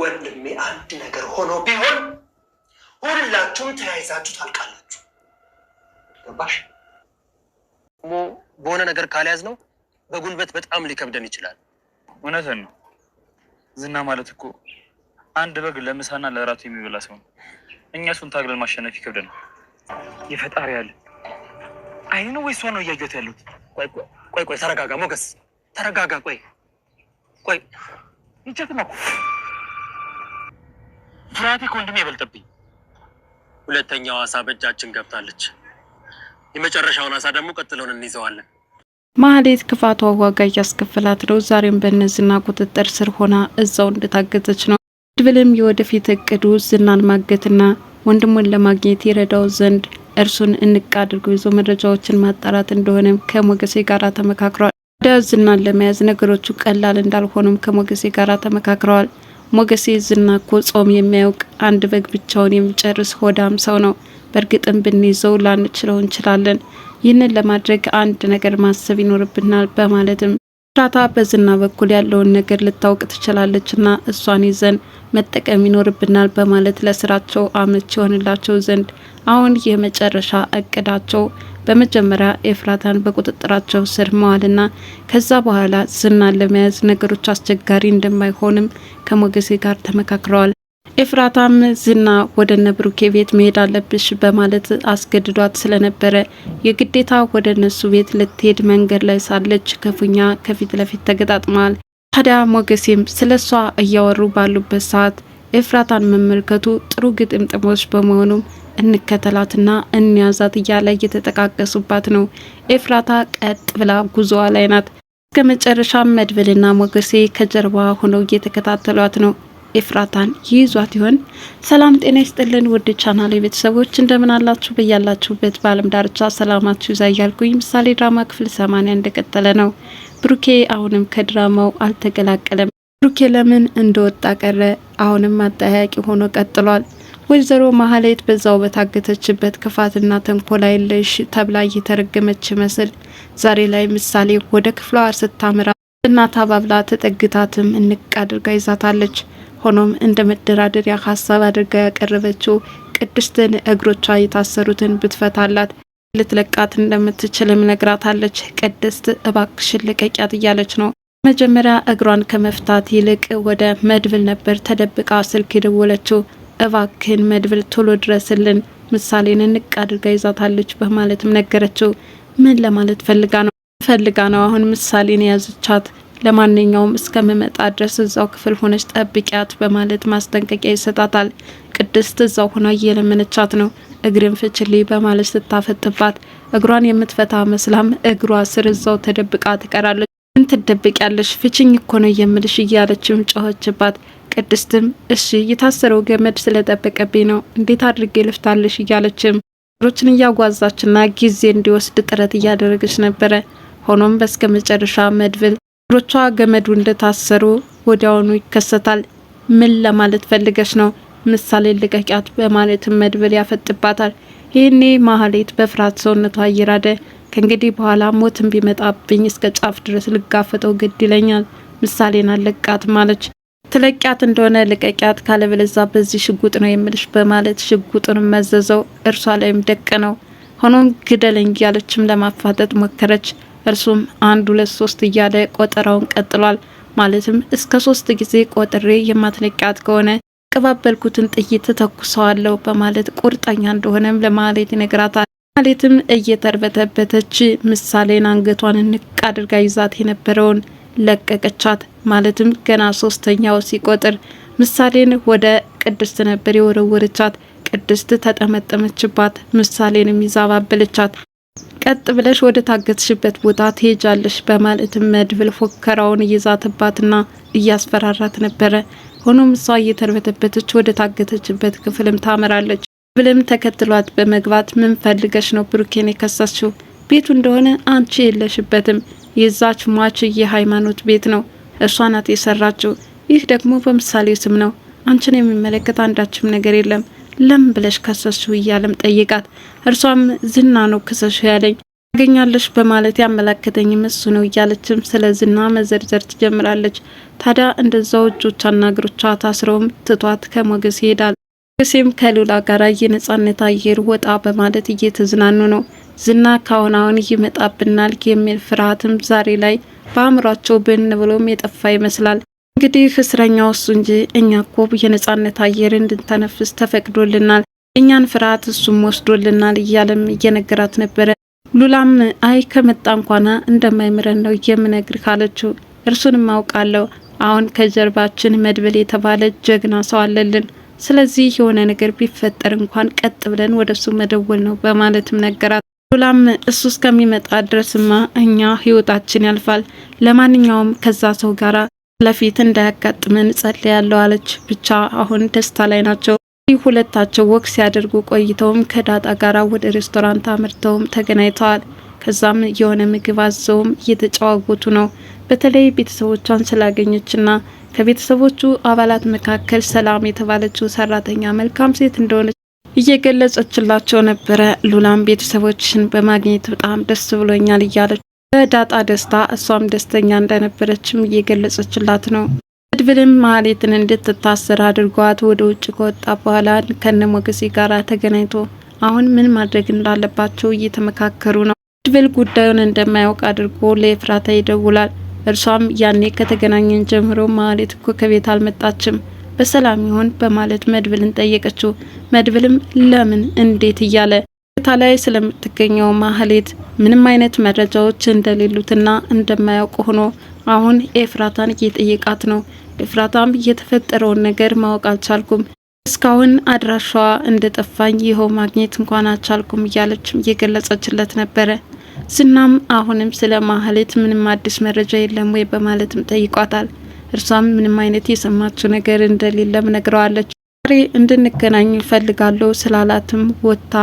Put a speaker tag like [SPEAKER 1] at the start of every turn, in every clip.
[SPEAKER 1] ወንድሜ አንድ ነገር ሆኖ ቢሆን ሁላችሁም ተያይዛችሁ ታልቃላችሁ። ገባሽ? በሆነ ነገር ካልያዝ ነው በጉልበት በጣም ሊከብደን ይችላል። እውነትን ነው። ዝና ማለት እኮ አንድ በግ ለምሳና ለራቱ የሚበላ ሰው ነው። እኛ እሱን ታግለን ማሸነፍ ይከብደን። የፈጣሪ ያለ አይኑ ነው ወይስ ነው እያየሁት ያሉት? ቆይ ቆይ ተረጋጋ ሞገስ፣ ተረጋጋ። ቆይ ቆይ ይቸት ነው ፍርሃቴ ከወንድሜ ይበልጥብኝ። ሁለተኛው አሳ በእጃችን ገብታለች። የመጨረሻውን አሳ ደግሞ ቀጥለውን እንይዘዋለን። ማህሌት ክፋቷ ዋጋ እያስከፈላት ነው። ዛሬም በእነዝና ቁጥጥር ስር ሆና እዛው እንደታገተች ነው። ድብልም የወደፊት እቅዱ ዝናን ማገትና ወንድሙን ለማግኘት ይረዳው ዘንድ እርሱን እንቅ አድርጎ ይዞ መረጃዎችን ማጣራት እንደሆነም ከሞገሴ ጋር ተመካክረዋል። ወደ ዝናን ለመያዝ ነገሮቹ ቀላል እንዳልሆኑም ከሞገሴ ጋር ተመካክረዋል። ሞገሴ ኮ ጾም የሚያውቅ አንድ በግ ብቻውን የሚጨርስ ሆዳም ሰው ነው። በእርግጥም ብንይዘው ላንችለው እንችላለን። ይህንን ለማድረግ አንድ ነገር ማሰብ ይኖርብናል በማለትም እርዳታ በዝና በኩል ያለውን ነገር ልታውቅ ትችላለች እና እሷን ይዘን መጠቀም ይኖርብናል በማለት ለስራቸው አመች የሆንላቸው ዘንድ አሁን የመጨረሻ እቅዳቸው በመጀመሪያ ኤፍራታን በቁጥጥራቸው ስር መዋልና ከዛ በኋላ ዝናን ለመያዝ ነገሮች አስቸጋሪ እንደማይሆንም ከሞገሴ ጋር ተመካክረዋል። ኤፍራታም ዝና ወደ እነ ብሩኬ ቤት መሄድ አለብሽ በማለት አስገድዷት ስለነበረ የግዴታ ወደ እነሱ ቤት ልትሄድ መንገድ ላይ ሳለች ክፉኛ ከፊት ለፊት ተገጣጥመዋል። ታዲያ ሞገሴም ስለ እሷ እያወሩ ባሉበት ሰዓት ኤፍራታን መመልከቱ ጥሩ ግጥምጥሞች በመሆኑም እንከተላትና እንያዛት እያለ እየተጠቃቀሱባት ነው። ኤፍራታ ቀጥ ብላ ጉዞዋ ላይ ናት። እስከ መጨረሻም መድብልና ሞገሴ ከጀርባ ሆነው እየተከታተሏት ነው። ኤፍራታን ይይዟት ይሆን? ሰላም ጤና ይስጥልን ውድ ቻናል ቤተሰቦች እንደምን አላችሁ? በያላችሁበት በአለም ዳርቻ ሰላማችሁ ይዛ እያልኩኝ ምሳሌ ድራማ ክፍል ሰማንያ እንደቀጠለ ነው። ብሩኬ አሁንም ከድራማው አልተቀላቀለም። ብሩኬ ለምን እንደወጣ ቀረ አሁንም አጠያቂ ሆኖ ቀጥሏል። ወይዘሮ ማህሌት በዛው በታገተችበት ክፋትና ተንኮል ተብላ እየተረገመች መስል ዛሬ ላይ ምሳሌ ወደ ክፍሏ ስታምራ እናት አባብላ ተጠግታትም እንቅ አድርጋ ይዛታለች። ሆኖም እንደ መደራደሪያ ሀሳብ አድርጋ ያቀረበችው ቅድስትን እግሮቿ የታሰሩትን ብትፈታላት ልትለቃት እንደምትችልም ነግራታለች። ቅድስት እባክሽን ልቀቂያት እያለች ነው። መጀመሪያ እግሯን ከመፍታት ይልቅ ወደ መድብል ነበር ተደብቃ ስልክ የደወለችው። እባክህን መድብል ቶሎ ድረስልን፣ ምሳሌን ንቅ አድርጋ ይዛታለች በማለትም ነገረችው። ምን ለማለት ፈልጋ ነው ፈልጋ ነው አሁን ምሳሌን የያዘቻት ለማንኛውም እስከምመጣ ድረስ እዛው ክፍል ሆነች ጠብቂያት በማለት ማስጠንቀቂያ ይሰጣታል። ቅድስት እዛው ሆና እየለመነቻት ነው። እግርን ፍችልኝ በማለት ስታፈጥባት እግሯን የምትፈታ መስላም እግሯ ስር እዛው ተደብቃ ትቀራለች። ምን ትደብቂያለሽ? ፍችኝ እኮ ነው የምልሽ እያለችም ጮኸችባት። ቅድስትም እሺ የታሰረው ገመድ ስለጠበቀብኝ ነው እንዴት አድርጌ ልፍታለሽ እያለችም ሮችን እያጓዛችና ጊዜ እንዲወስድ ጥረት እያደረገች ነበረ። ሆኖም በስከ መጨረሻ መድብል እግሮቿ ገመዱ እንደታሰሩ ወዲያውኑ ይከሰታል። ምን ለማለት ፈልገች ነው? ምሳሌ ልቀቂያት በማለት መድብል ያፈጥባታል። ይህኔ ማህሌት በፍርሃት ሰውነቷ እየራደ ከእንግዲህ በኋላ ሞትን ቢመጣብኝ እስከ ጫፍ ድረስ ልጋፈጠው ግድ ይለኛል፣ ምሳሌን አለቃትም ማለች። ትለቂያት እንደሆነ ልቀቂያት፣ ካለበለዛ በዚህ ሽጉጥ ነው የምልሽ በማለት ሽጉጡን መዘዘው፣ እርሷ ላይም ደቀ ነው። ሆኖም ግደለኝ እያለችም ለማፋጠጥ ሞከረች። እርሱም አንድ ሁለት ሶስት እያለ ቆጠራውን ቀጥሏል። ማለትም እስከ ሶስት ጊዜ ቆጥሬ የማትነቂያት ከሆነ ቀባበልኩትን ጥይት ተተኩሰዋለሁ በማለት ቁርጠኛ እንደሆነም ለማህሌት ይነግራታል። ማህሌትም እየተርበተበተች ምሳሌን አንገቷን ንቅ አድርጋ ይዛት የነበረውን ለቀቀቻት። ማለትም ገና ሶስተኛው ሲቆጥር ምሳሌን ወደ ቅድስት ነበር የወረወረቻት። ቅድስት ተጠመጠመችባት። ምሳሌንም ይዛባበለቻት። ቀጥ ብለሽ ወደ ታገትሽበት ቦታ ትሄጃለሽ በማለት መድብል ፎከራውን እየዛተባትና እያስፈራራት ነበረ። ሆኖም እሷ እየተርበተበተች ወደ ታገተችበት ክፍልም ታመራለች። ብልም ተከትሏት በመግባት ምን ፈልገሽ ነው ብሩኬን የከሰስችው? ቤቱ እንደሆነ አንቺ የለሽበትም። የዛች ሟች የሃይማኖት ቤት ነው፣ እሷ ናት የሰራችው። ይህ ደግሞ በምሳሌ ስም ነው። አንቺን የሚመለከት አንዳችም ነገር የለም። ለምን ብለሽ ከሰስችው? እያለም ጠይቃት እርሷም ዝና ነው ክሰሹ ያለኝ ታገኛለሽ በማለት ያመላከተኝም እሱ ነው እያለችም ስለ ዝና መዘርዘር ትጀምራለች። ታዲያ እንደዛው እጆቿና እግሮቿ ታስረውም ትቷት ከሞገስ ይሄዳል። ሞገሴም ከሉላ ጋር የነጻነት አየር ወጣ በማለት እየተዝናኑ ነው። ዝና ካሁን አሁን ይመጣብናል የሚል ፍርሃትም ዛሬ ላይ በአእምሯቸው ብን ብሎም የጠፋ ይመስላል። እንግዲህ እስረኛው እሱ እንጂ እኛ ኮብ የነጻነት አየር እንድንተነፍስ ተፈቅዶልናል እኛን ፍርሃት እሱም ወስዶልናል እያለም እየነገራት ነበረ። ሉላም አይ ከመጣ እንኳና እንደማይምረን ነው የምነግር ካለችው እርሱንም አውቃለሁ። አሁን ከጀርባችን መድብል የተባለ ጀግና ሰው አለልን። ስለዚህ የሆነ ነገር ቢፈጠር እንኳን ቀጥ ብለን ወደ እሱ መደወል ነው በማለትም ነገራት። ሉላም እሱ እስከሚመጣ ድረስማ እኛ ህይወታችን ያልፋል፣ ለማንኛውም ከዛ ሰው ጋራ ለፊት እንዳያጋጥመን ጸልያለሁ አለች። ብቻ አሁን ደስታ ላይ ናቸው። ሁለታቸው ወክ ሲያደርጉ ቆይተውም ከዳጣ ጋር ወደ ሬስቶራንት አምርተውም ተገናኝተዋል። ከዛም የሆነ ምግብ አዘውም እየተጫዋወቱ ነው። በተለይ ቤተሰቦቿን ስላገኘችና ከቤተሰቦቹ አባላት መካከል ሰላም የተባለችው ሰራተኛ መልካም ሴት እንደሆነች እየገለጸችላቸው ነበረ። ሉላም ቤተሰቦችን በማግኘት በጣም ደስ ብሎኛል እያለች በዳጣ ደስታ እሷም ደስተኛ እንደነበረችም እየገለጸችላት ነው። መድብልም ማህሌትን እንድትታሰር አድርጓት ወደ ውጭ ከወጣ በኋላ ከነ ሞገሴ ጋር ተገናኝቶ አሁን ምን ማድረግ እንዳለባቸው እየተመካከሩ ነው። መድብል ጉዳዩን እንደማያውቅ አድርጎ ለኤፍራታ ይደውላል። እርሷም ያኔ ከተገናኘን ጀምሮ ማህሌት እኮ ከቤት አልመጣችም በሰላም ይሆን በማለት መድብልን ጠየቀችው። መድብልም ለምን እንዴት እያለ ታ ላይ ስለምትገኘው ማህሌት ምንም አይነት መረጃዎች እንደሌሉትና እንደማያውቅ ሆኖ አሁን ኤፍራታን እየጠየቃት ነው። ኤፍራታም የተፈጠረውን ነገር ማወቅ አልቻልኩም፣ እስካሁን አድራሻዋ እንደጠፋኝ ይኸው ማግኘት እንኳን አልቻልኩም እያለች እየገለጸችለት ነበረ። ዝናም አሁንም ስለ ማህሌት ምንም አዲስ መረጃ የለም ወይ በማለትም ጠይቋታል። እርሷም ምንም አይነት የሰማችው ነገር እንደሌለም ነግረዋለች። ዛሬ እንድንገናኝ እፈልጋለሁ ስላላትም ወጥታ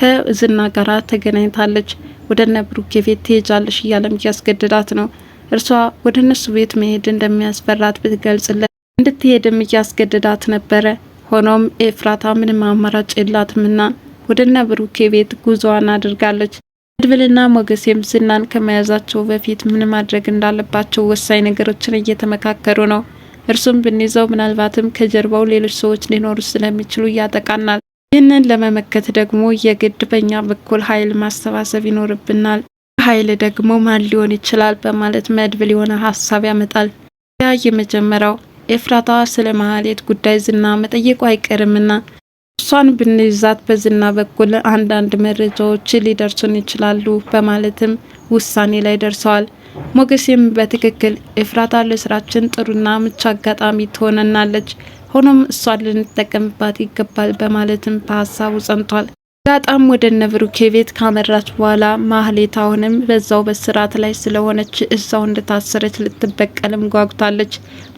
[SPEAKER 1] ከዝና ጋር ተገናኝታለች። ወደ ነብሩኬ ቤት ትሄጃለሽ እያለም እያስገድዳት ነው። እርሷ ወደ እነሱ ቤት መሄድ እንደሚያስፈራት ብትገልጽለት እንድትሄድም እያስገደዳት ነበረ። ሆኖም ኤፍራታ ምንም አማራጭ የላትምና ወደ እነ ብሩኬ ቤት ጉዞዋን አድርጋለች። መድብልና ሞገሴም ዝናን ከመያዛቸው በፊት ምን ማድረግ እንዳለባቸው ወሳኝ ነገሮችን እየተመካከሩ ነው። እርሱም ብንይዘው ምናልባትም ከጀርባው ሌሎች ሰዎች ሊኖሩ ስለሚችሉ ያጠቃናል። ይህንን ለመመከት ደግሞ የግድ በእኛ በኩል ኃይል ማሰባሰብ ይኖርብናል። ኃይል ደግሞ ማን ሊሆን ይችላል በማለት መድብል የሆነ ሀሳብ ያመጣል። ያ የመጀመሪያው ኤፍራታ ስለ መሀሌት ጉዳይ ዝና መጠየቁ አይቀርምና እሷን ብንይዛት በዝና በኩል አንዳንድ መረጃዎች ሊደርሱን ይችላሉ በማለትም ውሳኔ ላይ ደርሰዋል። ሞገሴም በትክክል ኤፍራታ ለስራችን ጥሩና ምቹ አጋጣሚ ትሆነናለች፣ ሆኖም እሷን ልንጠቀምባት ይገባል በማለትም በሀሳቡ ጸንቷል። ዳጣም ወደ እነ ቤት ካመራች በኋላ ማህሌት አሁንም በዛው በስርዓት ላይ ስለሆነች እዛው እንደታሰረች ልትበቀልም ጓጉታለች።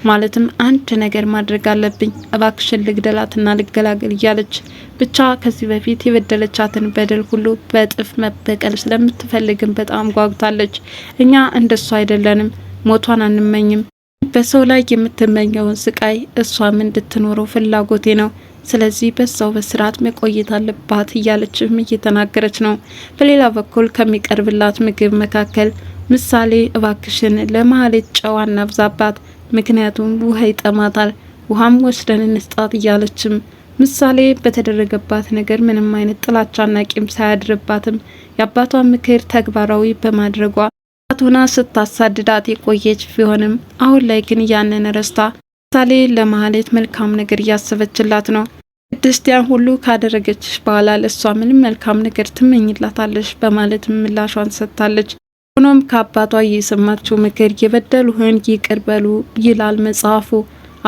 [SPEAKER 1] ማለትም አንድ ነገር ማድረግ አለብኝ፣ እባክሽን ልግደላትና ልገላገል እያለች ብቻ ከዚህ በፊት የበደለቻትን በደል ሁሉ በጥፍ መበቀል ስለምትፈልግም በጣም ጓጉታለች። እኛ እንደሷ አይደለንም፣ ሞቷን አንመኝም። በሰው ላይ የምትመኘውን ስቃይ እሷም እንድትኖረው ፍላጎቴ ነው ስለዚህ በዛው በስርዓት መቆየት አለባት እያለችም እየተናገረች ነው። በሌላ በኩል ከሚቀርብላት ምግብ መካከል ምሳሌ እባክሽን ለማህሌት ጨዋ እናብዛባት፣ ምክንያቱም ውሃ ይጠማታል፣ ውሃም ወስደን እንስጣት እያለችም ምሳሌ በተደረገባት ነገር ምንም አይነት ጥላቻና ቂም ሳያድርባትም የአባቷን ምክር ተግባራዊ በማድረጓ አቶና ስታሳድዳት የቆየች ቢሆንም አሁን ላይ ግን ያንን ረስታ ምሳሌ ለማህሌት መልካም ነገር እያሰበችላት ነው። ቅድስት ያን ሁሉ ካደረገች በኋላ ለእሷ ምንም መልካም ነገር ትመኝላታለች በማለት ምላሿን ሰጥታለች። ሆኖም ከአባቷ እየሰማችው ምክር የበደሉህን ይቅር በሉ ይላል መጽሐፉ።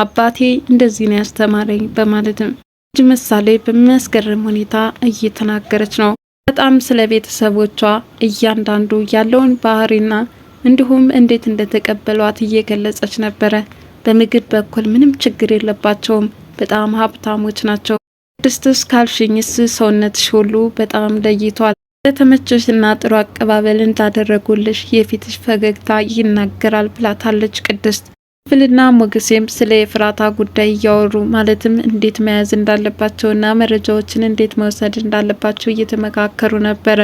[SPEAKER 1] አባቴ እንደዚህ ነው ያስተማረኝ በማለትም ልጅ ምሳሌ በሚያስገርም ሁኔታ እየተናገረች ነው። በጣም ስለ ቤተሰቦቿ እያንዳንዱ ያለውን ባህሪና እንዲሁም እንዴት እንደተቀበሏት እየገለጸች ነበረ። በምግብ በኩል ምንም ችግር የለባቸውም በጣም ሀብታሞች ናቸው። ቅድስትስ ካልሽኝስ ሰውነትሽ ሁሉ በጣም ለይቷል። ለተመቸሽና ጥሩ አቀባበል እንዳደረጉልሽ የፊትሽ ፈገግታ ይናገራል ብላታለች ቅድስት። ክፍልና ሞገሴም ስለ የፍራታ ጉዳይ እያወሩ ማለትም እንዴት መያዝ እንዳለባቸውና መረጃዎችን እንዴት መውሰድ እንዳለባቸው እየተመካከሩ ነበረ።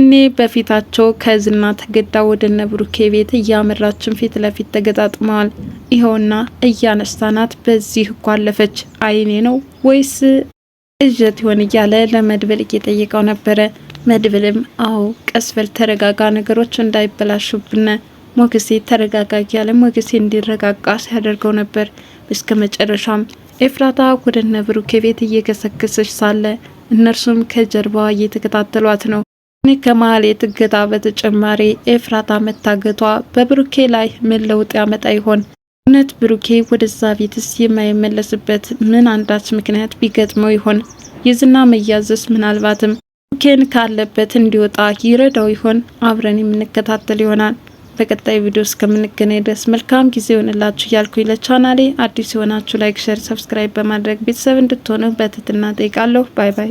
[SPEAKER 1] እኔ በፊታቸው ከዝና ተገዳ ወደ ነብሩኬ ቤት እያመራችን ፊት ለፊት ተገጣጥመዋል። ይኸውና እያነሳናት በዚህ እኮ አለፈች። አይኔ ነው ወይስ እጀት ይሆን እያለ ለመድብል እየጠየቀው ነበረ። መድብልም አዎ ቀስበል፣ ተረጋጋ፣ ነገሮች እንዳይበላሹብነ ሞገሴ ተረጋጋ እያለ ሞገሴ እንዲረጋጋ ሲያደርገው ነበር። እስከ መጨረሻም ኤፍራታ ወደ እነ ብሩኬ ቤት እየገሰገሰች ሳለ እነርሱም ከጀርባዋ እየተከታተሏት ነው። ከመሀል የትገታ በተጨማሪ ኤፍራታ መታገቷ በብሩኬ ላይ ምን ለውጥ ያመጣ ይሆን? እውነት ብሩኬ ወደዛ ቤትስ የማይመለስበት ምን አንዳች ምክንያት ቢገጥመው ይሆን? የዝና መያዝስ ምናልባትም ብሩኬን ካለበት እንዲወጣ ይረዳው ይሆን? አብረን የምንከታተል ይሆናል። በቀጣይ ቪዲዮ እስከምንገናኝ ድረስ መልካም ጊዜ ይሆንላችሁ እያልኩኝ ለቻናሌ አዲስ የሆናችሁ ላይክ፣ ሸር፣ ሰብስክራይብ በማድረግ ቤተሰብ እንድትሆኑ በትህትና ጠይቃለሁ። ባይ ባይ።